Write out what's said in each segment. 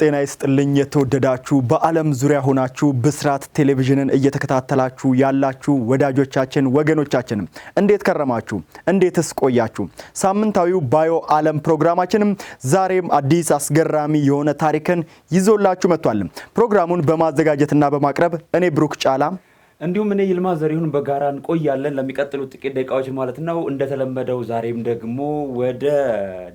ጤና ይስጥልኝ የተወደዳችሁ በዓለም ዙሪያ ሆናችሁ ብስራት ቴሌቪዥንን እየተከታተላችሁ ያላችሁ ወዳጆቻችን ወገኖቻችንም እንዴት ከረማችሁ? እንዴትስ ቆያችሁ? ሳምንታዊው ባዮ ዓለም ፕሮግራማችንም ዛሬም አዲስ አስገራሚ የሆነ ታሪክን ይዞላችሁ መጥቷል። ፕሮግራሙን በማዘጋጀትና በማቅረብ እኔ ብሩክ ጫላ እንዲሁም እኔ ይልማ ዘሪሁን በጋራ እንቆያለን ለሚቀጥሉት ጥቂት ደቂቃዎች ማለት ነው። እንደተለመደው ዛሬም ደግሞ ወደ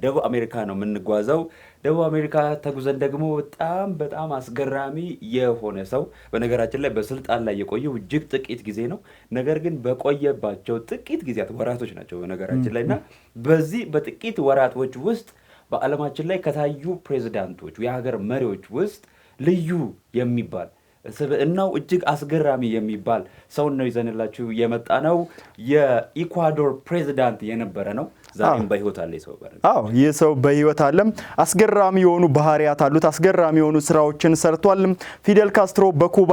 ደቡብ አሜሪካ ነው የምንጓዘው። ደቡብ አሜሪካ ተጉዘን ደግሞ በጣም በጣም አስገራሚ የሆነ ሰው በነገራችን ላይ በስልጣን ላይ የቆየው እጅግ ጥቂት ጊዜ ነው። ነገር ግን በቆየባቸው ጥቂት ጊዜያት ወራቶች ናቸው በነገራችን ላይ እና በዚህ በጥቂት ወራቶች ውስጥ በዓለማችን ላይ ከታዩ ፕሬዚዳንቶች የሀገር መሪዎች ውስጥ ልዩ የሚባል ስብዕናው እጅግ አስገራሚ የሚባል ሰውን ነው ይዘንላችሁ የመጣ ነው። የኢኳዶር ፕሬዚዳንት የነበረ ነው ዛሬም በህይወት አለ ሰው። አዎ ይህ ሰው በህይወት አለ። አስገራሚ የሆኑ ባህሪያት አሉት። አስገራሚ የሆኑ ስራዎችን ሰርቷል። ፊደል ካስትሮ በኩባ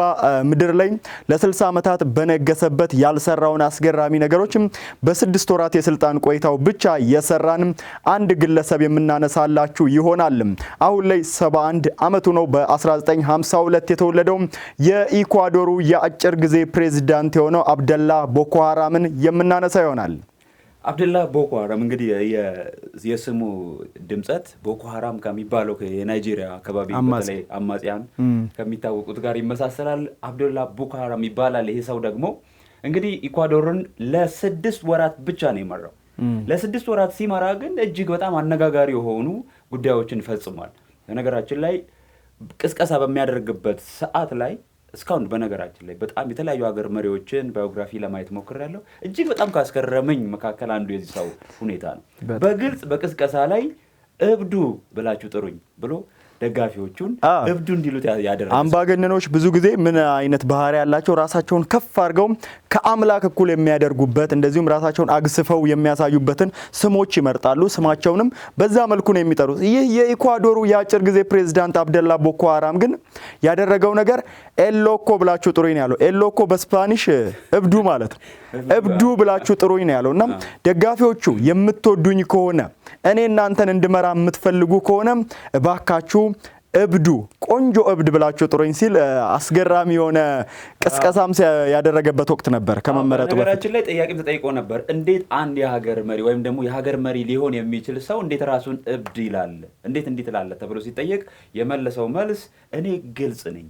ምድር ላይ ለ60 ዓመታት በነገሰበት ያልሰራውን አስገራሚ ነገሮች በስድስት ወራት የስልጣን ቆይታው ብቻ የሰራን አንድ ግለሰብ የምናነሳላችሁ ይሆናል። አሁን ላይ 71 ዓመቱ ነው። በ1952 የተወለደው የኢኳዶሩ የአጭር ጊዜ ፕሬዚዳንት የሆነው አብደላ ቦኮ የምናነሳ ይሆናል። አብደላ ቦኮ ሀራም እንግዲህ የስሙ ድምፀት ቦኮ ሀራም ከሚባለው የናይጄሪያ አካባቢ በተለይ አማጽያን ከሚታወቁት ጋር ይመሳሰላል። አብደላ ቦኮ ሀራም ይባላል። ይሄ ሰው ደግሞ እንግዲህ ኢኳዶርን ለስድስት ወራት ብቻ ነው የመራው። ለስድስት ወራት ሲመራ ግን እጅግ በጣም አነጋጋሪ የሆኑ ጉዳዮችን ፈጽሟል። በነገራችን ላይ ቅስቀሳ በሚያደርግበት ሰዓት ላይ እስካሁን በነገራችን ላይ በጣም የተለያዩ ሀገር መሪዎችን ባዮግራፊ ለማየት ሞክሬያለሁ። እጅግ በጣም ካስገረመኝ መካከል አንዱ የዚህ ሰው ሁኔታ ነው። በግልጽ በቅስቀሳ ላይ እብዱ ብላችሁ ጥሩኝ ብሎ ደጋፊዎቹን እብዱ እንዲሉት ያደረገ። አምባገነኖች ብዙ ጊዜ ምን አይነት ባህሪ ያላቸው ራሳቸውን ከፍ አድርገው ከአምላክ እኩል የሚያደርጉበት እንደዚሁም ራሳቸውን አግስፈው የሚያሳዩበትን ስሞች ይመርጣሉ። ስማቸውንም በዛ መልኩ ነው የሚጠሩት። ይህ የኢኳዶሩ የአጭር ጊዜ ፕሬዚዳንት አብደላ ቦኮ ሀራም ግን ያደረገው ነገር ኤሎኮ ብላችሁ ጥሩኝ ያለው። ኤሎኮ በስፓኒሽ እብዱ ማለት ነው። እብዱ ብላችሁ ጥሩኝ ነው ያለው እና ደጋፊዎቹ የምትወዱኝ ከሆነ እኔ እናንተን እንድመራ የምትፈልጉ ከሆነ እባካችሁ እብዱ ቆንጆ እብድ ብላችሁ ጥሩኝ ሲል አስገራሚ የሆነ ቅስቀሳም ያደረገበት ወቅት ነበር። ከመመረጡ በፊት ላይ ጥያቄም ተጠይቆ ነበር። እንዴት አንድ የሀገር መሪ ወይም ደግሞ የሀገር መሪ ሊሆን የሚችል ሰው እንዴት ራሱን እብድ ይላል? እንዴት እንዲህ ትላለህ? ተብሎ ሲጠየቅ የመለሰው መልስ እኔ ግልጽ ነኝ፣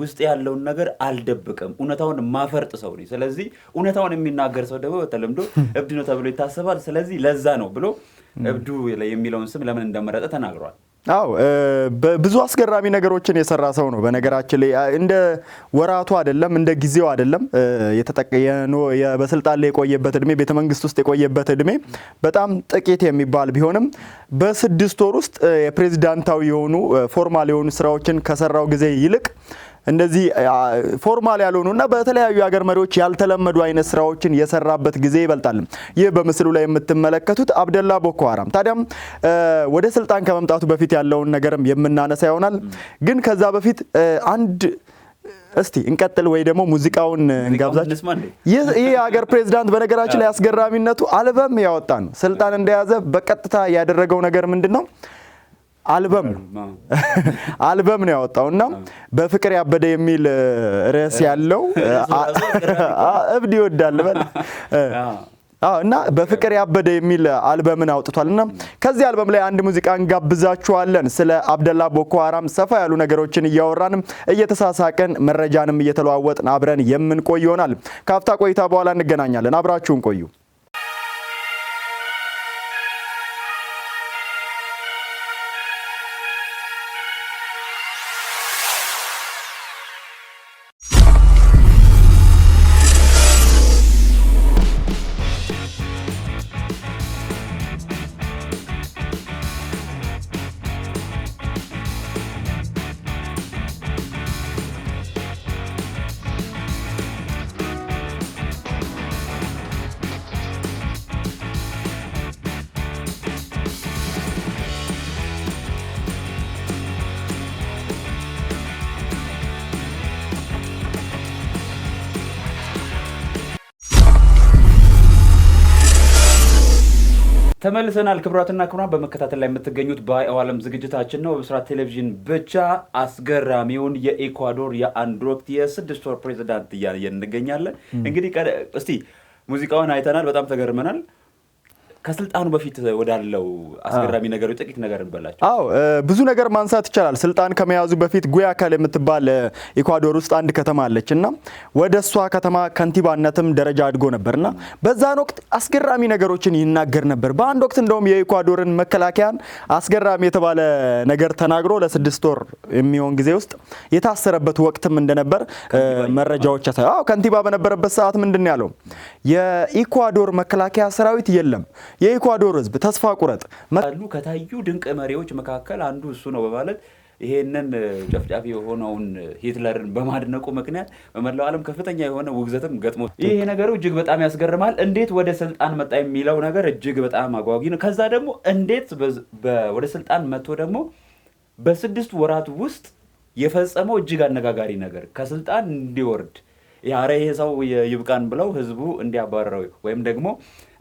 ውስጥ ያለውን ነገር አልደብቅም፣ እውነታውን ማፈርጥ ሰው ነኝ። ስለዚህ እውነታውን የሚናገር ሰው ደግሞ በተለምዶ እብድ ነው ተብሎ ይታሰባል። ስለዚህ ለዛ ነው ብሎ እብዱ የሚለውን ስም ለምን እንደመረጠ ተናግሯል። አዎ ብዙ አስገራሚ ነገሮችን የሰራ ሰው ነው። በነገራችን ላይ እንደ ወራቱ አይደለም፣ እንደ ጊዜው አይደለም። በስልጣን ላይ የቆየበት እድሜ፣ ቤተ መንግስት ውስጥ የቆየበት እድሜ በጣም ጥቂት የሚባል ቢሆንም በስድስት ወር ውስጥ የፕሬዚዳንታዊ የሆኑ ፎርማል የሆኑ ስራዎችን ከሰራው ጊዜ ይልቅ እንደዚህ ፎርማል ያልሆኑና በተለያዩ የሀገር መሪዎች ያልተለመዱ አይነት ስራዎችን የሰራበት ጊዜ ይበልጣል። ይህ በምስሉ ላይ የምትመለከቱት አብደላ ቦኮ ሀራም። ታዲያም ወደ ስልጣን ከመምጣቱ በፊት ያለውን ነገርም የምናነሳ ይሆናል። ግን ከዛ በፊት አንድ እስቲ እንቀጥል ወይ ደግሞ ሙዚቃውን እንጋብዛች። ይህ የሀገር ፕሬዚዳንት በነገራችን ላይ አስገራሚነቱ አልበም ያወጣ ነው። ስልጣን እንደያዘ በቀጥታ ያደረገው ነገር ምንድን ነው? አልበም ነው አልበም ነው ያወጣው እና በፍቅር ያበደ የሚል ርዕስ ያለው እብድ ይወዳል በል እና በፍቅር ያበደ የሚል አልበምን አውጥቷል እና ከዚህ አልበም ላይ አንድ ሙዚቃ እንጋብዛችኋለን። ስለ አብደላ ቦኮ ሀራም ሰፋ ያሉ ነገሮችን እያወራንም እየተሳሳቅን መረጃንም እየተለዋወጥን አብረን የምንቆይ ይሆናል። ከአፍታ ቆይታ በኋላ እንገናኛለን። አብራችሁን ቆዩ። ተመልሰናል። ክብራትና ክብራን በመከታተል ላይ የምትገኙት በዓለም ዝግጅታችን ነው። በብስራት ቴሌቪዥን ብቻ አስገራሚውን የኢኳዶር የአንድ ወቅት የስድስት ወር ፕሬዚዳንት እያየን እንገኛለን። እንግዲህ እስቲ ሙዚቃውን አይተናል፣ በጣም ተገርመናል። ከስልጣኑ በፊት ወዳለው አስገራሚ ነገሮች ጥቂት ነገር እንበላቸው። አዎ ብዙ ነገር ማንሳት ይቻላል። ስልጣን ከመያዙ በፊት ጉያካል የምትባል ኢኳዶር ውስጥ አንድ ከተማ አለች እና ወደ እሷ ከተማ ከንቲባነትም ደረጃ አድጎ ነበርና በዛን ወቅት አስገራሚ ነገሮችን ይናገር ነበር። በአንድ ወቅት እንደውም የኢኳዶርን መከላከያን አስገራሚ የተባለ ነገር ተናግሮ ለስድስት ወር የሚሆን ጊዜ ውስጥ የታሰረበት ወቅትም እንደነበር መረጃዎች ያሳ ከንቲባ በነበረበት ሰዓት ምንድን ያለው የኢኳዶር መከላከያ ሰራዊት የለም የኢኳዶር ህዝብ ተስፋ ቁረጥ ሉ ከታዩ ድንቅ መሪዎች መካከል አንዱ እሱ ነው በማለት ይሄንን ጨፍጫፊ የሆነውን ሂትለርን በማድነቁ ምክንያት በመላው ዓለም ከፍተኛ የሆነ ውግዘትም ገጥሞ ይሄ ነገሩ እጅግ በጣም ያስገርማል። እንዴት ወደ ስልጣን መጣ የሚለው ነገር እጅግ በጣም አጓጊ ነው። ከዛ ደግሞ እንዴት ወደ ስልጣን መጥቶ ደግሞ በስድስት ወራት ውስጥ የፈጸመው እጅግ አነጋጋሪ ነገር ከስልጣን እንዲወርድ ያረ ይሄ ሰው ይብቃን ብለው ህዝቡ እንዲያባረረው ወይም ደግሞ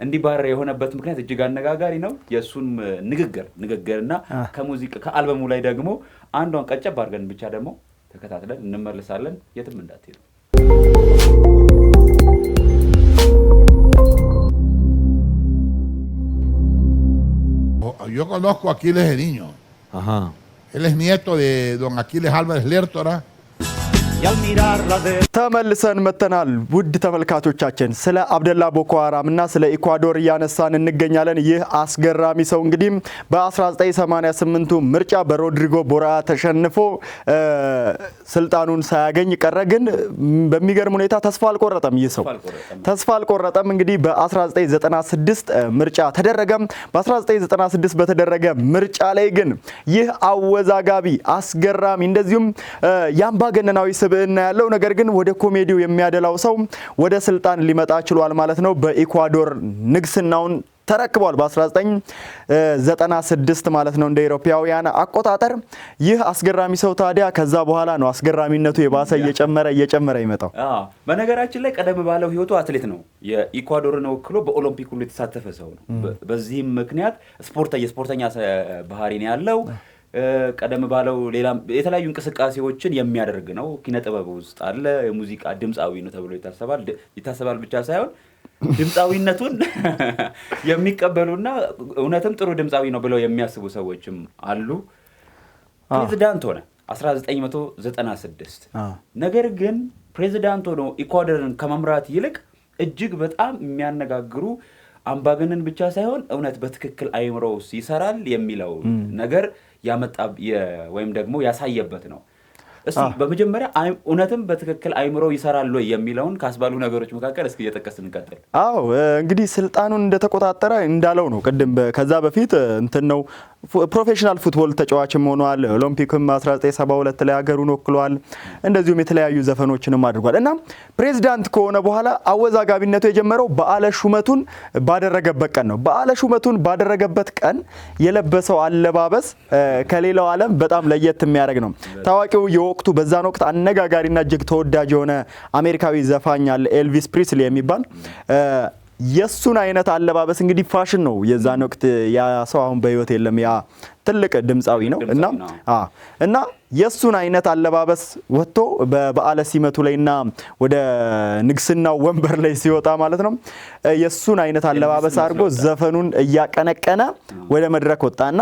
እንዲባረር የሆነበት ምክንያት እጅግ አነጋጋሪ ነው። የእሱን ንግግር ንግግርና ከሙዚቃ ከአልበሙ ላይ ደግሞ አንዷን ቀጨብ አድርገን ብቻ ደግሞ ተከታትለን እንመልሳለን። የትም እንዳትሄዱ። Yo conozco a Aquiles de niño. Ajá. Él es nieto de don Aquiles Álvarez Lertora. ተመልሰን መጥተናል። ውድ ተመልካቾቻችን ስለ አብደላ ቦኮ ሀራም እና ስለ ኢኳዶር እያነሳን እንገኛለን። ይህ አስገራሚ ሰው እንግዲህ በ1988ቱ ምርጫ በሮድሪጎ ቦራ ተሸንፎ ስልጣኑን ሳያገኝ ቀረ። ግን በሚገርም ሁኔታ ተስፋ አልቆረጠም። ይህ ሰው ተስፋ አልቆረጠም። እንግዲህ በ1996 ምርጫ ተደረገም። በ1996 በተደረገ ምርጫ ላይ ግን ይህ አወዛጋቢ አስገራሚ እንደዚሁም የአምባገነናዊ ስብዕና ያለው ነገር ግን ወደ ኮሜዲው የሚያደላው ሰው ወደ ስልጣን ሊመጣ ችሏል ማለት ነው። በኢኳዶር ንግስናውን ተረክቧል። በ1996 ማለት ነው እንደ ኢሮፓውያን አቆጣጠር። ይህ አስገራሚ ሰው ታዲያ ከዛ በኋላ ነው አስገራሚነቱ የባሰ እየጨመረ እየጨመረ ይመጣው። በነገራችን ላይ ቀደም ባለው ህይወቱ አትሌት ነው። የኢኳዶርን ወክሎ በኦሎምፒክ ሁሉ የተሳተፈ ሰው ነው። በዚህም ምክንያት ስፖርተኛ የስፖርተኛ ባህሪ ነው ያለው። ቀደም ባለው ሌላም የተለያዩ እንቅስቃሴዎችን የሚያደርግ ነው። ኪነ ጥበብ ውስጥ አለ። የሙዚቃ ድምፃዊ ነው ተብሎ ይታሰባል። ይታሰባል ብቻ ሳይሆን ድምፃዊነቱን የሚቀበሉና እውነትም ጥሩ ድምፃዊ ነው ብለው የሚያስቡ ሰዎችም አሉ። ፕሬዚዳንት ሆነ 1996 ነገር ግን ፕሬዚዳንት ሆኖ ኢኳዶርን ከመምራት ይልቅ እጅግ በጣም የሚያነጋግሩ አምባገነን ብቻ ሳይሆን እውነት በትክክል አይምሮ ይሰራል የሚለው ነገር ያመጣ ወይም ደግሞ ያሳየበት ነው። እስቲ በመጀመሪያ እውነትም በትክክል አይምሮ ይሰራል ወይ የሚለውን ካስባሉ ነገሮች መካከል እስኪ እየጠቀስ እንቀጥል። አዎ እንግዲህ ስልጣኑን እንደተቆጣጠረ እንዳለው ነው። ቅድም ከዛ በፊት እንትን ነው ፕሮፌሽናል ፉትቦል ተጫዋችም ሆኗል። ኦሎምፒክም 1972 ላይ ሀገሩን ወክሏል። እንደዚሁም የተለያዩ ዘፈኖችንም አድርጓል እና ፕሬዚዳንት ከሆነ በኋላ አወዛጋቢነቱ የጀመረው በዓለ ሹመቱን ባደረገበት ቀን ነው። በዓለ ሹመቱን ባደረገበት ቀን የለበሰው አለባበስ ከሌላው ዓለም በጣም ለየት የሚያደርግ ነው። ታዋቂው በወቅቱ በዛን ወቅት አነጋጋሪና እጅግ ተወዳጅ የሆነ አሜሪካዊ ዘፋኝ አለ ኤልቪስ ፕሪስሊ የሚባል የሱን አይነት አለባበስ እንግዲህ ፋሽን ነው የዛን ወቅት። ያ ሰው አሁን በህይወት የለም። ያ ትልቅ ድምፃዊ ነው እና እና የሱን አይነት አለባበስ ወጥቶ በበዓለ ሲመቱ ላይና ወደ ንግስናው ወንበር ላይ ሲወጣ ማለት ነው የሱን አይነት አለባበስ አድርጎ ዘፈኑን እያቀነቀነ ወደ መድረክ ወጣና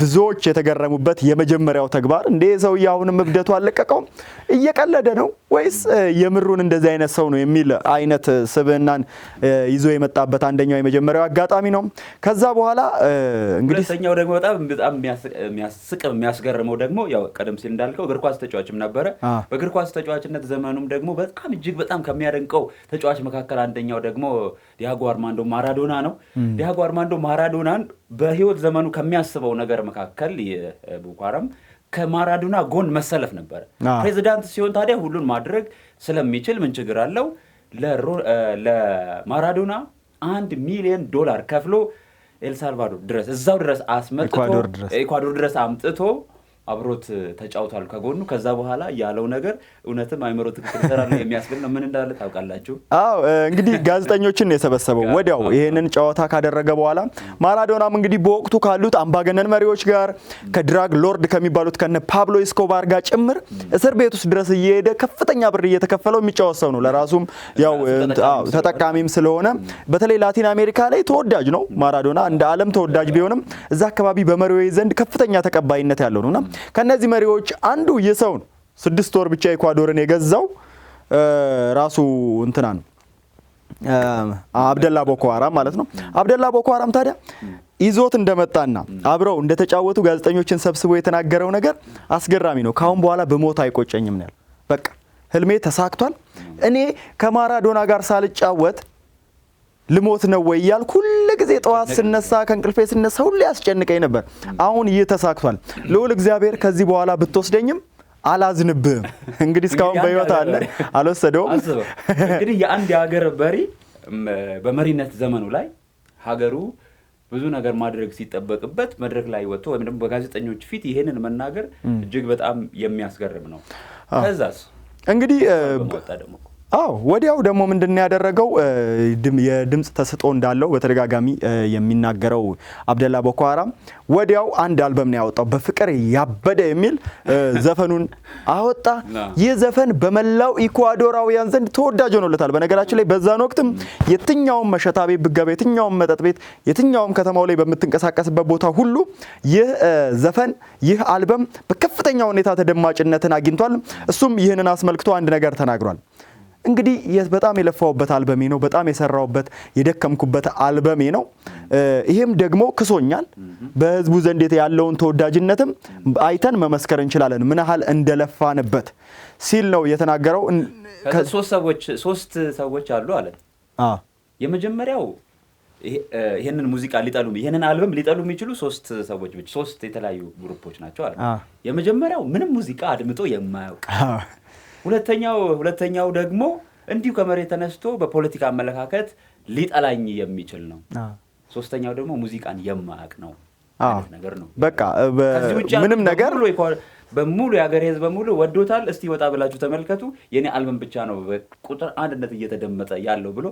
ብዙዎች የተገረሙበት የመጀመሪያው ተግባር እንዴ ሰውዬ አሁንም እብደቱ አልለቀቀውም፣ እየቀለደ ነው ወይስ የምሩን እንደዚህ አይነት ሰው ነው የሚል አይነት ስብህናን ይዞ የመጣበት አንደኛው የመጀመሪያው አጋጣሚ ነው። ከዛ በኋላ እንግዲህ ሁለተኛው ደግሞ በጣም በጣም የሚያስቅም የሚያስገርመው ደግሞ ያው ቀደም ሲል እንዳልከው እግር ኳስ ተጫዋችም ነበረ። በእግር ኳስ ተጫዋችነት ዘመኑም ደግሞ በጣም እጅግ በጣም ከሚያደንቀው ተጫዋች መካከል አንደኛው ደግሞ ዲያጎ አርማንዶ ማራዶና ነው። ዲያጎ አርማንዶ ማራዶናን በህይወት ዘመኑ ከሚያስበው ነገር ነገር መካከል ቡኳረም ከማራዶና ጎን መሰለፍ ነበረ። ፕሬዚዳንት ሲሆን ታዲያ ሁሉን ማድረግ ስለሚችል ምን ችግር አለው? ለማራዶና አንድ ሚሊዮን ዶላር ከፍሎ ኤልሳልቫዶር ድረስ እዛው ድረስ አስመጥቶ ኢኳዶር ድረስ አምጥቶ አብሮት ተጫውቷል ከጎኑ። ከዛ በኋላ ያለው ነገር እውነትም አይምሮ ትክክል ሰራ ነው የሚያስብል ነው። ምን እንዳለ ታውቃላችሁ? አዎ እንግዲህ ጋዜጠኞችን የሰበሰበው ወዲያው ይህንን ጨዋታ ካደረገ በኋላ ማራዶናም እንግዲህ በወቅቱ ካሉት አምባገነን መሪዎች ጋር ከድራግ ሎርድ ከሚባሉት ከነ ፓብሎ ኢስኮባር ጋር ጭምር እስር ቤት ውስጥ ድረስ እየሄደ ከፍተኛ ብር እየተከፈለው የሚጫወት ሰው ነው። ለራሱም ያው ተጠቃሚም ስለሆነ በተለይ ላቲን አሜሪካ ላይ ተወዳጅ ነው ማራዶና እንደ ዓለም ተወዳጅ ቢሆንም እዛ አካባቢ በመሪዎች ዘንድ ከፍተኛ ተቀባይነት ያለው ነውና ከነዚህ መሪዎች አንዱ የሰው ነው። ስድስት ወር ብቻ ኢኳዶርን የገዛው ራሱ እንትና ነው አብደላ ቦኮ ማለት ነው። አብደላ ቦኮ ሀራም ታዲያ ይዞት እንደመጣና አብረው እንደተጫወቱ ጋዜጠኞችን ሰብስቦ የተናገረው ነገር አስገራሚ ነው። ካሁን በኋላ በሞት አይቆጨኝም ነው ያለው። በቃ ህልሜ ተሳክቷል። እኔ ከማራዶና ጋር ሳልጫወት ልሞት ነው ወይ እያልኩ ሁል ጊዜ ጠዋት ስነሳ ከእንቅልፌ ስነሳ ሁሌ ያስጨንቀኝ ነበር። አሁን ይህ ተሳክቷል። ልዑል እግዚአብሔር ከዚህ በኋላ ብትወስደኝም አላዝንብህም። እንግዲህ እስካሁን በህይወት አለ፣ አልወሰደውም። እንግዲህ የአንድ የሀገር መሪ በመሪነት ዘመኑ ላይ ሀገሩ ብዙ ነገር ማድረግ ሲጠበቅበት መድረክ ላይ ወጥቶ ወይም ደግሞ በጋዜጠኞች ፊት ይህንን መናገር እጅግ በጣም የሚያስገርም ነው። ከዛስ እንግዲህ አዎ ወዲያው ደግሞ ምንድን ያደረገው የድምፅ ተስጦ እንዳለው በተደጋጋሚ የሚናገረው አብደላ ቦኮ ሀራም ወዲያው አንድ አልበም ነው ያወጣው፣ በፍቅር ያበደ የሚል ዘፈኑን አወጣ። ይህ ዘፈን በመላው ኢኳዶራውያን ዘንድ ተወዳጅ ሆኖለታል። በነገራችን ላይ በዛን ወቅትም የትኛውም መሸታ ቤት ብገባ፣ የትኛውም መጠጥ ቤት፣ የትኛውም ከተማው ላይ በምትንቀሳቀስበት ቦታ ሁሉ ይህ ዘፈን ይህ አልበም በከፍተኛ ሁኔታ ተደማጭነትን አግኝቷል። እሱም ይህንን አስመልክቶ አንድ ነገር ተናግሯል። እንግዲህ በጣም የለፋውበት አልበሜ ነው። በጣም የሰራውበት የደከምኩበት አልበሜ ነው። ይሄም ደግሞ ክሶኛል። በህዝቡ ዘንድ ያለውን ተወዳጅነትም አይተን መመስከር እንችላለን፣ ምን ያህል እንደለፋንበት ሲል ነው የተናገረው። ሶስት ሰዎች አሉ አለ። የመጀመሪያው ይህንን ሙዚቃ ሊጠሉ ይህንን አልበም ሊጠሉ የሚችሉ ሶስት ሰዎች ብቻ ሶስት የተለያዩ ግሩፖች ናቸው አለ። የመጀመሪያው ምንም ሙዚቃ አድምጦ የማያውቅ ሁለተኛው ሁለተኛው ደግሞ እንዲሁ ከመሬት ተነስቶ በፖለቲካ አመለካከት ሊጠላኝ የሚችል ነው። ሶስተኛው ደግሞ ሙዚቃን የማያውቅ ነው። ነገር ነው። በቃ ምንም ነገር በሙሉ የሀገር ህዝብ በሙሉ ወዶታል። እስቲ ወጣ ብላችሁ ተመልከቱ፣ የኔ አልበም ብቻ ነው ቁጥር አንድነት እየተደመጠ ያለው ብሎ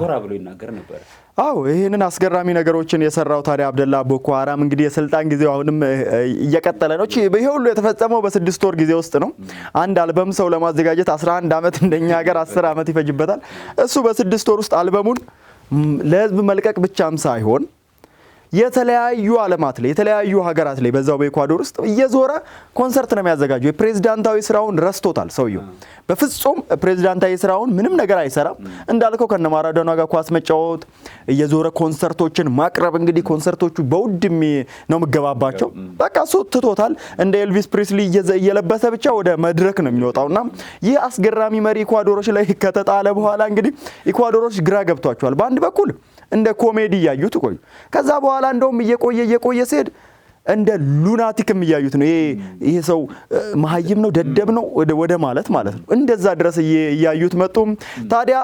ኮራ ብሎ ይናገር ነበር። አዎ ይህንን አስገራሚ ነገሮችን የሰራው ታዲያ አብደላ ቦኮ ሀራም እንግዲህ የስልጣን ጊዜው አሁንም እየቀጠለ ነው። ይሄ ሁሉ የተፈጸመው በስድስት ወር ጊዜ ውስጥ ነው። አንድ አልበም ሰው ለማዘጋጀት 11 ዓመት እንደኛ ሀገር 10 ዓመት ይፈጅበታል። እሱ በስድስት ወር ውስጥ አልበሙን ለህዝብ መልቀቅ ብቻም ሳይሆን የተለያዩ ዓለማት ላይ የተለያዩ ሀገራት ላይ በዛው በኢኳዶር ውስጥ እየዞረ ኮንሰርት ነው የሚያዘጋጀው። የፕሬዝዳንታዊ ስራውን ረስቶታል ሰውየው። በፍጹም ፕሬዝዳንታዊ ስራውን ምንም ነገር አይሰራም። እንዳልከው ከነ ማራዶና ጋር ኳስ መጫወት፣ እየዞረ ኮንሰርቶችን ማቅረብ። እንግዲህ ኮንሰርቶቹ በውድ ነው የምገባባቸው። በቃ እሱ ትቶታል። እንደ ኤልቪስ ፕሪስሊ እየለበሰ ብቻ ወደ መድረክ ነው እና ይህ አስገራሚ መሪ ኢኳዶሮች ላይ ከተጣለ በኋላ እንግዲህ ኢኳዶሮች ግራ ገብቷቸዋል በአንድ በኩል እንደ ኮሜዲ እያዩት ቆዩ። ከዛ በኋላ እንደውም እየቆየ እየቆየ ሲሄድ እንደ ሉናቲክም እያዩት ነው። ይሄ ሰው መሀይም ነው፣ ደደብ ነው ወደ ማለት ማለት ነው። እንደዛ ድረስ እያዩት መጡም። ታዲያ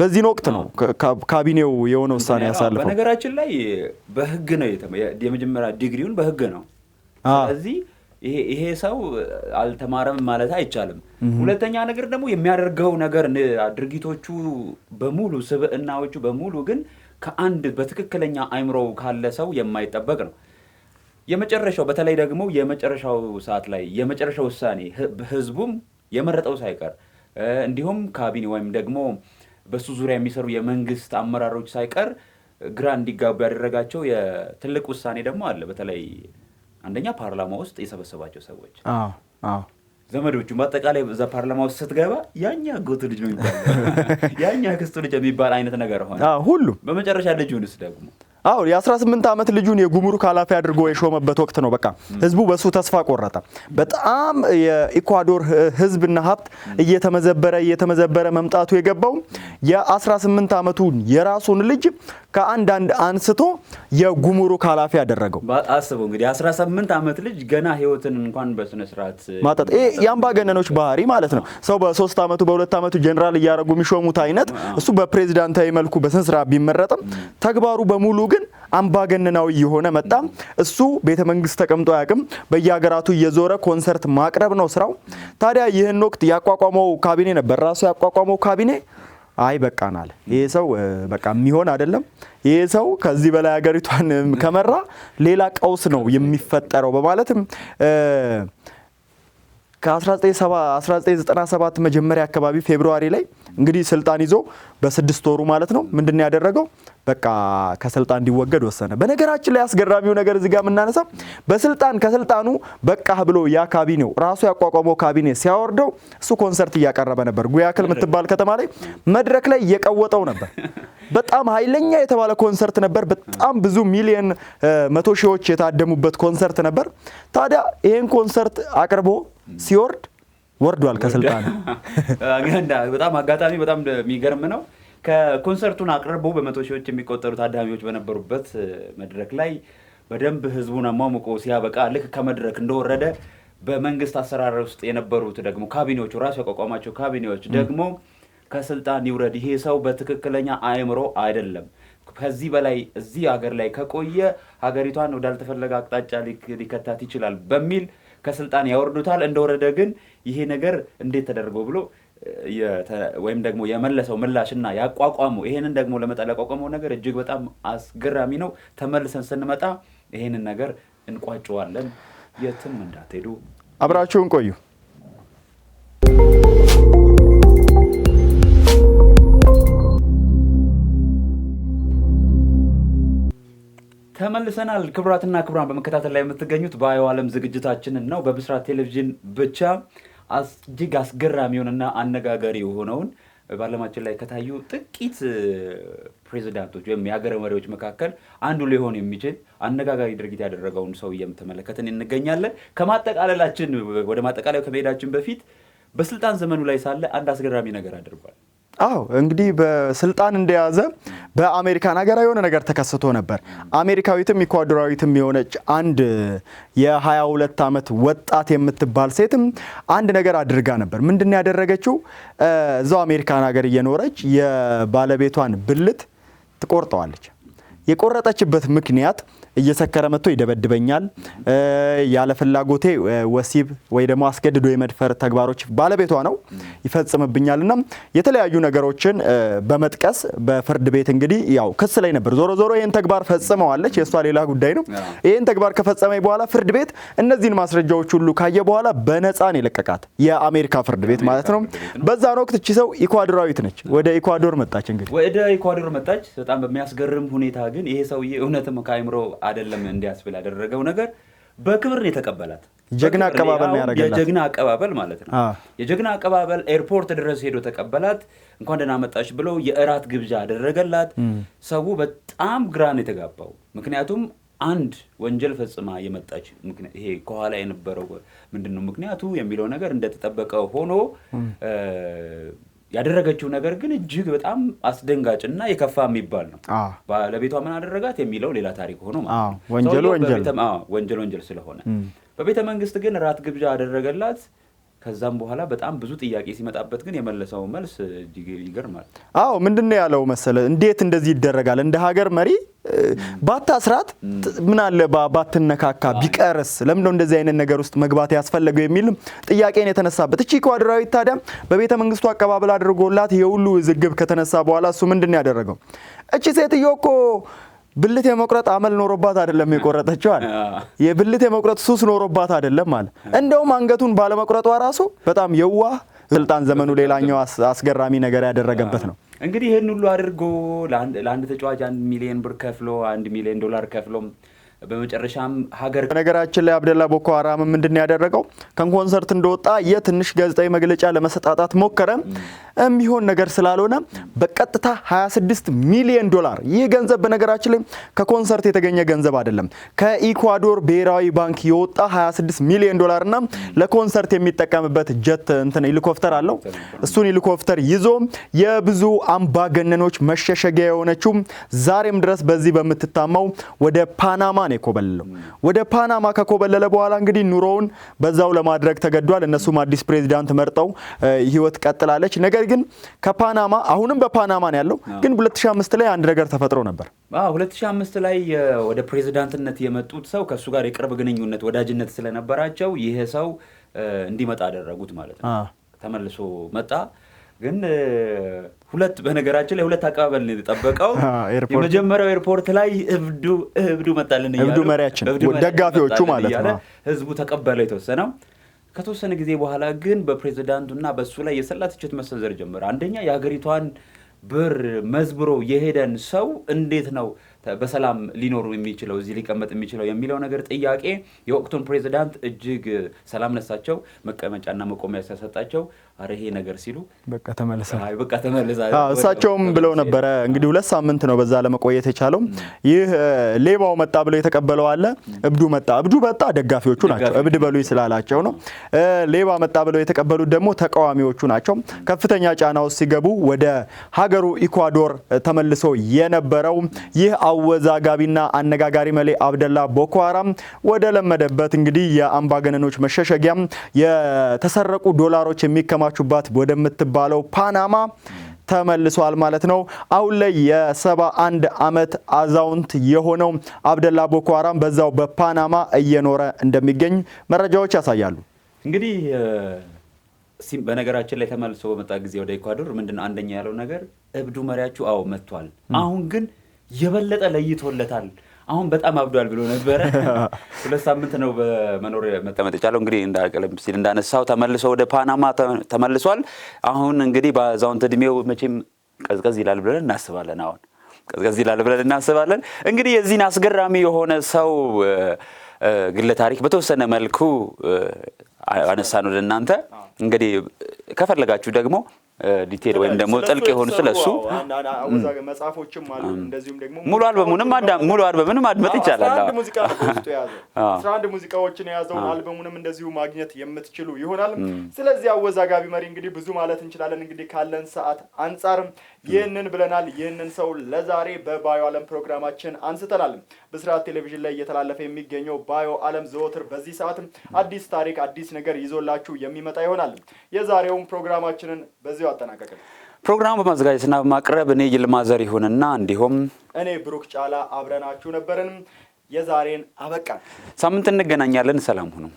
በዚህን ወቅት ነው ካቢኔው የሆነ ውሳኔ ያሳልፈው። በነገራችን ላይ በህግ ነው የመጀመሪያ ዲግሪውን በህግ ነው ስለዚህ ይሄ ሰው አልተማረም ማለት አይቻልም። ሁለተኛ ነገር ደግሞ የሚያደርገው ነገር ድርጊቶቹ በሙሉ ስብዕናዎቹ በሙሉ ግን ከአንድ በትክክለኛ አይምሮ ካለ ሰው የማይጠበቅ ነው። የመጨረሻው በተለይ ደግሞ የመጨረሻው ሰዓት ላይ የመጨረሻው ውሳኔ ህዝቡም የመረጠው ሳይቀር እንዲሁም ካቢኔ ወይም ደግሞ በሱ ዙሪያ የሚሰሩ የመንግስት አመራሮች ሳይቀር ግራ እንዲጋቡ ያደረጋቸው የትልቅ ውሳኔ ደግሞ አለ በተለይ አንደኛ ፓርላማ ውስጥ የሰበሰባቸው ሰዎች ዘመዶቹን በአጠቃላይ እዛ ፓርላማ ውስጥ ስትገባ ያኛ ጎት ልጅ ነው የሚባል ያኛ ክስቱ ልጅ የሚባል አይነት ነገር ሆነ ሁሉም። በመጨረሻ ልጁንስ ደግሞ አዎ የ18 ዓመት ልጁን የጉምሩክ ኃላፊ አድርጎ የሾመበት ወቅት ነው። በቃ ህዝቡ በሱ ተስፋ ቆረጠ። በጣም የኢኳዶር ህዝብና ሀብት እየተመዘበረ እየተመዘበረ መምጣቱ የገባው የ18 ዓመቱን የራሱን ልጅ ከአንዳንድ አንስቶ የጉምሩክ ኃላፊ ያደረገው አስቡ እንግዲህ 18 ዓመት ልጅ ገና ህይወትን እንኳን በስነ ስርዓት ይሄ የአምባገነኖች ባህሪ ማለት ነው። ሰው በሶስት ዓመቱ በሁለት ዓመቱ ጀኔራል እያደረጉ የሚሾሙት አይነት እሱ በፕሬዚዳንታዊ መልኩ በስነ ስርዓት ቢመረጥም ተግባሩ በሙሉ አምባገነናዊ የሆነ መጣ። እሱ ቤተ መንግስት ተቀምጦ አያውቅም። በየሀገራቱ እየዞረ ኮንሰርት ማቅረብ ነው ስራው። ታዲያ ይህን ወቅት ያቋቋመው ካቢኔ ነበር ራሱ ያቋቋመው ካቢኔ አይ በቃናል፣ ይሄ ሰው በቃ የሚሆን አይደለም፣ ይሄ ሰው ከዚህ በላይ ሀገሪቷን ከመራ ሌላ ቀውስ ነው የሚፈጠረው በማለትም ከ1997 መጀመሪያ አካባቢ ፌብርዋሪ ላይ እንግዲህ ስልጣን ይዞ በስድስት ወሩ ማለት ነው ምንድን ያደረገው በቃ ከስልጣን እንዲወገድ ወሰነ። በነገራችን ላይ አስገራሚው ነገር እዚህ ጋር የምናነሳ በስልጣን ከስልጣኑ በቃ ብሎ ያ ካቢኔው ራሱ ያቋቋመው ካቢኔ ሲያወርደው እሱ ኮንሰርት እያቀረበ ነበር። ጉያክል የምትባል ከተማ ላይ መድረክ ላይ እየቀወጠው ነበር። በጣም ኃይለኛ የተባለ ኮንሰርት ነበር። በጣም ብዙ ሚሊየን መቶ ሺዎች የታደሙበት ኮንሰርት ነበር። ታዲያ ይሄን ኮንሰርት አቅርቦ ሲወርድ ወርዷል ከስልጣን። በጣም አጋጣሚ በጣም የሚገርም ነው። ከኮንሰርቱን አቅርቦ በመቶ ሺዎች የሚቆጠሩ ታዳሚዎች በነበሩበት መድረክ ላይ በደንብ ህዝቡን አሟሙቆ ሲያበቃ ልክ ከመድረክ እንደወረደ በመንግስት አሰራር ውስጥ የነበሩት ደግሞ ካቢኔዎቹ ራሱ ያቋቋማቸው ካቢኔዎች ደግሞ ከስልጣን ይውረድ፣ ይሄ ሰው በትክክለኛ አእምሮ አይደለም፣ ከዚህ በላይ እዚህ ሀገር ላይ ከቆየ ሀገሪቷን ወዳልተፈለገ አቅጣጫ ሊከታት ይችላል በሚል ከስልጣን ያወርዱታል። እንደወረደ ግን ይሄ ነገር እንዴት ተደርጎ ብሎ ወይም ደግሞ የመለሰው ምላሽና ያቋቋመው ይሄንን ደግሞ ለመጣ ያቋቋመው ነገር እጅግ በጣም አስገራሚ ነው። ተመልሰን ስንመጣ ይሄንን ነገር እንቋጨዋለን። የትም እንዳትሄዱ፣ አብራችሁን ቆዩ። ተመልሰናል ክቡራትና ክቡራን፣ በመከታተል ላይ የምትገኙት በአየው ዓለም ዝግጅታችንን ነው። በብስራት ቴሌቪዥን ብቻ እጅግ አስገራሚ የሆነና አነጋጋሪ የሆነውን በዓለማችን ላይ ከታዩ ጥቂት ፕሬዚዳንቶች ወይም የሀገር መሪዎች መካከል አንዱ ሊሆን የሚችል አነጋጋሪ ድርጊት ያደረገውን ሰው እየተመለከትን እንገኛለን። ከማጠቃለላችን ወደ ማጠቃለያው ከመሄዳችን በፊት በስልጣን ዘመኑ ላይ ሳለ አንድ አስገራሚ ነገር አድርጓል። አዎ እንግዲህ በስልጣን እንደያዘ በአሜሪካን ሀገር የሆነ ነገር ተከስቶ ነበር። አሜሪካዊትም ኢኳዶራዊትም የሆነች አንድ የ22 ዓመት ወጣት የምትባል ሴትም አንድ ነገር አድርጋ ነበር። ምንድን ያደረገችው? እዛው አሜሪካን ሀገር እየኖረች የባለቤቷን ብልት ትቆርጠዋለች። የቆረጠችበት ምክንያት እየሰከረ መጥቶ ይደበድበኛል። ያለ ፍላጎቴ ወሲብ ወይ ደግሞ አስገድዶ የመድፈር ተግባሮች ባለቤቷ ነው ይፈጽምብኛል። እና የተለያዩ ነገሮችን በመጥቀስ በፍርድ ቤት እንግዲህ ያው ክስ ላይ ነበር። ዞሮ ዞሮ ይህን ተግባር ፈጽመዋለች፣ የእሷ ሌላ ጉዳይ ነው። ይህን ተግባር ከፈጸመኝ በኋላ ፍርድ ቤት እነዚህን ማስረጃዎች ሁሉ ካየ በኋላ በነፃን የለቀቃት የአሜሪካ ፍርድ ቤት ማለት ነው። በዛን ወቅት እቺ ሰው ኢኳዶራዊት ነች። ወደ ኢኳዶር መጣች። እንግዲህ ወደ ኢኳዶር መጣች። በጣም በሚያስገርም ሁኔታ ግን ይሄ ሰውዬ እውነትም ከአይምሮ አይደለም እንዲያስብል ያደረገው ነገር በክብር ነው የተቀበላት። ጀግና አቀባበል ነው ያደረገላት። የጀግና አቀባበል ማለት ነው። የጀግና አቀባበል ኤርፖርት ድረስ ሄዶ ተቀበላት። እንኳን ደህና መጣች ብሎ የእራት ግብዣ አደረገላት። ሰው በጣም ግራ ነው የተጋባው። ምክንያቱም አንድ ወንጀል ፈጽማ የመጣች ይሄ ከኋላ የነበረው ምንድን ነው ምክንያቱ የሚለው ነገር እንደተጠበቀ ሆኖ ያደረገችው ነገር ግን እጅግ በጣም አስደንጋጭ እና የከፋ የሚባል ነው። ባለቤቷ ምን አደረጋት የሚለው ሌላ ታሪክ ሆኖ ወንጀል ወንጀል ስለሆነ በቤተ መንግስት ግን ራት ግብዣ አደረገላት። ከዛም በኋላ በጣም ብዙ ጥያቄ ሲመጣበት ግን የመለሰው መልስ እጅግ ይገርማል። አዎ ምንድን ነው ያለው መሰለ፣ እንዴት እንደዚህ ይደረጋል? እንደ ሀገር መሪ ባታስራት ምን አለ ባትነካካ ቢቀርስ? ለምንድነው እንደዚህ አይነት ነገር ውስጥ መግባት ያስፈለገው የሚል ጥያቄን የተነሳበት። እቺ ኢኳዶራዊት ታዲያ በቤተ መንግስቱ አቀባበል አድርጎላት የሁሉ ዝግብ ከተነሳ በኋላ እሱ ምንድን ያደረገው? እቺ ሴትዮ እኮ ብልት የመቁረጥ አመል ኖሮባት አይደለም የቆረጠችዋል የብልት የመቁረጥ ሱስ ኖሮባት አይደለም አለ። እንደውም አንገቱን ባለመቁረጧ ራሱ በጣም የዋህ ስልጣን ዘመኑ ሌላኛው አስገራሚ ነገር ያደረገበት ነው። እንግዲህ ይህን ሁሉ አድርጎ ለአንድ ተጫዋች አንድ ሚሊዮን ብር ከፍሎ አንድ ሚሊዮን ዶላር ከፍሎም በመጨረሻም ሀገር ነገራችን ላይ አብደላ ቦኮ ሀራም ምንድን ያደረገው ከኮንሰርት እንደወጣ የትንሽ ጋዜጣዊ መግለጫ ለመሰጣጣት ሞከረ። የሚሆን ነገር ስላልሆነ በቀጥታ 26 ሚሊዮን ዶላር ይህ ገንዘብ በነገራችን ላይ ከኮንሰርት የተገኘ ገንዘብ አይደለም። ከኢኳዶር ብሔራዊ ባንክ የወጣ 26 ሚሊዮን ዶላርና ለኮንሰርት የሚጠቀምበት ጀት እንትን ሄሊኮፕተር አለው። እሱን ሄሊኮፕተር ይዞ የብዙ አምባገነኖች መሸሸጊያ የሆነችው ዛሬም ድረስ በዚህ በምትታማው ወደ ፓናማ ነው የኮበለለው። ወደ ፓናማ ከኮበለለ በኋላ እንግዲህ ኑሮውን በዛው ለማድረግ ተገዷል። እነሱም አዲስ ፕሬዚዳንት መርጠው ህይወት ቀጥላለች። ነገር ግን ከፓናማ አሁንም በፓናማ ነው ያለው። ግን 2005 ላይ አንድ ነገር ተፈጥሮ ነበር። 2005 ላይ ወደ ፕሬዚዳንትነት የመጡት ሰው ከእሱ ጋር የቅርብ ግንኙነት ወዳጅነት ስለነበራቸው ይህ ሰው እንዲመጣ አደረጉት ማለት ነው። ተመልሶ መጣ ግን ሁለት በነገራችን ላይ ሁለት አቀባበል ነው የተጠበቀው። የመጀመሪያው ኤርፖርት ላይ እብዱ እብዱ መጣልን እብዱ መሪያችን ደጋፊዎቹ ማለት ነው። ህዝቡ ተቀበለው የተወሰነው። ከተወሰነ ጊዜ በኋላ ግን በፕሬዚዳንቱና በእሱ ላይ የሰላ ትችት መሰንዘር ጀመረ። አንደኛ የሀገሪቷን ብር መዝብሮ የሄደን ሰው እንዴት ነው በሰላም ሊኖሩ የሚችለው እዚህ ሊቀመጥ የሚችለው የሚለው ነገር ጥያቄ የወቅቱን ፕሬዚዳንት እጅግ ሰላም ነሳቸው መቀመጫና መቆሚያ ሲያሰጣቸው አረ ይሄ ነገር ሲሉ በቃ ተመልሳ በቃ እሳቸውም ብለው ነበረ። እንግዲህ ሁለት ሳምንት ነው በዛ ለመቆየት የቻለው። ይህ ሌባው መጣ ብሎ የተቀበለው አለ፣ እብዱ መጣ። እብዱ መጣ ደጋፊዎቹ ናቸው፣ እብድ በሉኝ ስላላቸው ነው። ሌባ መጣ ብለው የተቀበሉት ደግሞ ተቃዋሚዎቹ ናቸው። ከፍተኛ ጫና ውስጥ ሲገቡ ወደ ሀገሩ ኢኳዶር ተመልሶ የነበረው ይህ አወዛጋቢና አነጋጋሪ መሌ አብደላ ቦኮ ሀራም ወደ ለመደበት እንግዲህ የአምባገነኖች መሸሸጊያ የተሰረቁ ዶላሮች የሚከማቹባት ወደምትባለው ፓናማ ተመልሷል ማለት ነው። አሁን ላይ የ71 ዓመት አዛውንት የሆነው አብደላ ቦኮ በዛው በፓናማ እየኖረ እንደሚገኝ መረጃዎች ያሳያሉ። እንግዲህ በነገራችን ላይ ተመልሶ በመጣ ጊዜ ወደ ኢኳዶር ምንድን አንደኛ ያለው ነገር እብዱ መሪያችሁ አዎ መጥቷል። አሁን ግን የበለጠ ለይቶለታል። አሁን በጣም አብዷል ብሎ ነበረ። ሁለት ሳምንት ነው በመኖር መቀመጥ የቻለው። እንግዲህ ቀደም ሲል እንዳነሳው ተመልሶ ወደ ፓናማ ተመልሷል። አሁን እንግዲህ በአዛውንት እድሜው መቼም ቀዝቀዝ ይላል ብለን እናስባለን። አሁን ቀዝቀዝ ይላል ብለን እናስባለን። እንግዲህ የዚህን አስገራሚ የሆነ ሰው ግለ ታሪክ በተወሰነ መልኩ አነሳን ወደ እናንተ። እንግዲህ ከፈለጋችሁ ደግሞ ዲቴል ወይም ደግሞ ጥልቅ የሆኑ ስለሱ መጽሐፎችም አሉ። እንደዚሁም ደግሞ ሙሉ አልበሙንም ሙሉ አልበምንም ማድመጥ ይቻላል። አስራ አንድ ሙዚቃዎችን የያዘው አልበሙንም እንደዚሁ ማግኘት የምትችሉ ይሆናል። ስለዚህ አወዛጋቢ መሪ እንግዲህ ብዙ ማለት እንችላለን። እንግዲህ ካለን ሰዓት አንጻርም ይህንን ብለናል። ይህንን ሰው ለዛሬ በባዮ ዓለም ፕሮግራማችን አንስተናል። ብስራት ቴሌቪዥን ላይ እየተላለፈ የሚገኘው ባዮ ዓለም ዘወትር በዚህ ሰዓት አዲስ ታሪክ፣ አዲስ ነገር ይዞላችሁ የሚመጣ ይሆናል። የዛሬውን ፕሮግራማችንን በዚሁ አጠናቀቅን። ፕሮግራም በማዘጋጀትና በማቅረብ እኔ ይልማ ዘሪሁንና እንዲሁም እኔ ብሩክ ጫላ አብረናችሁ ነበርን። የዛሬን አበቃን። ሳምንት እንገናኛለን። ሰላም ሁኑ።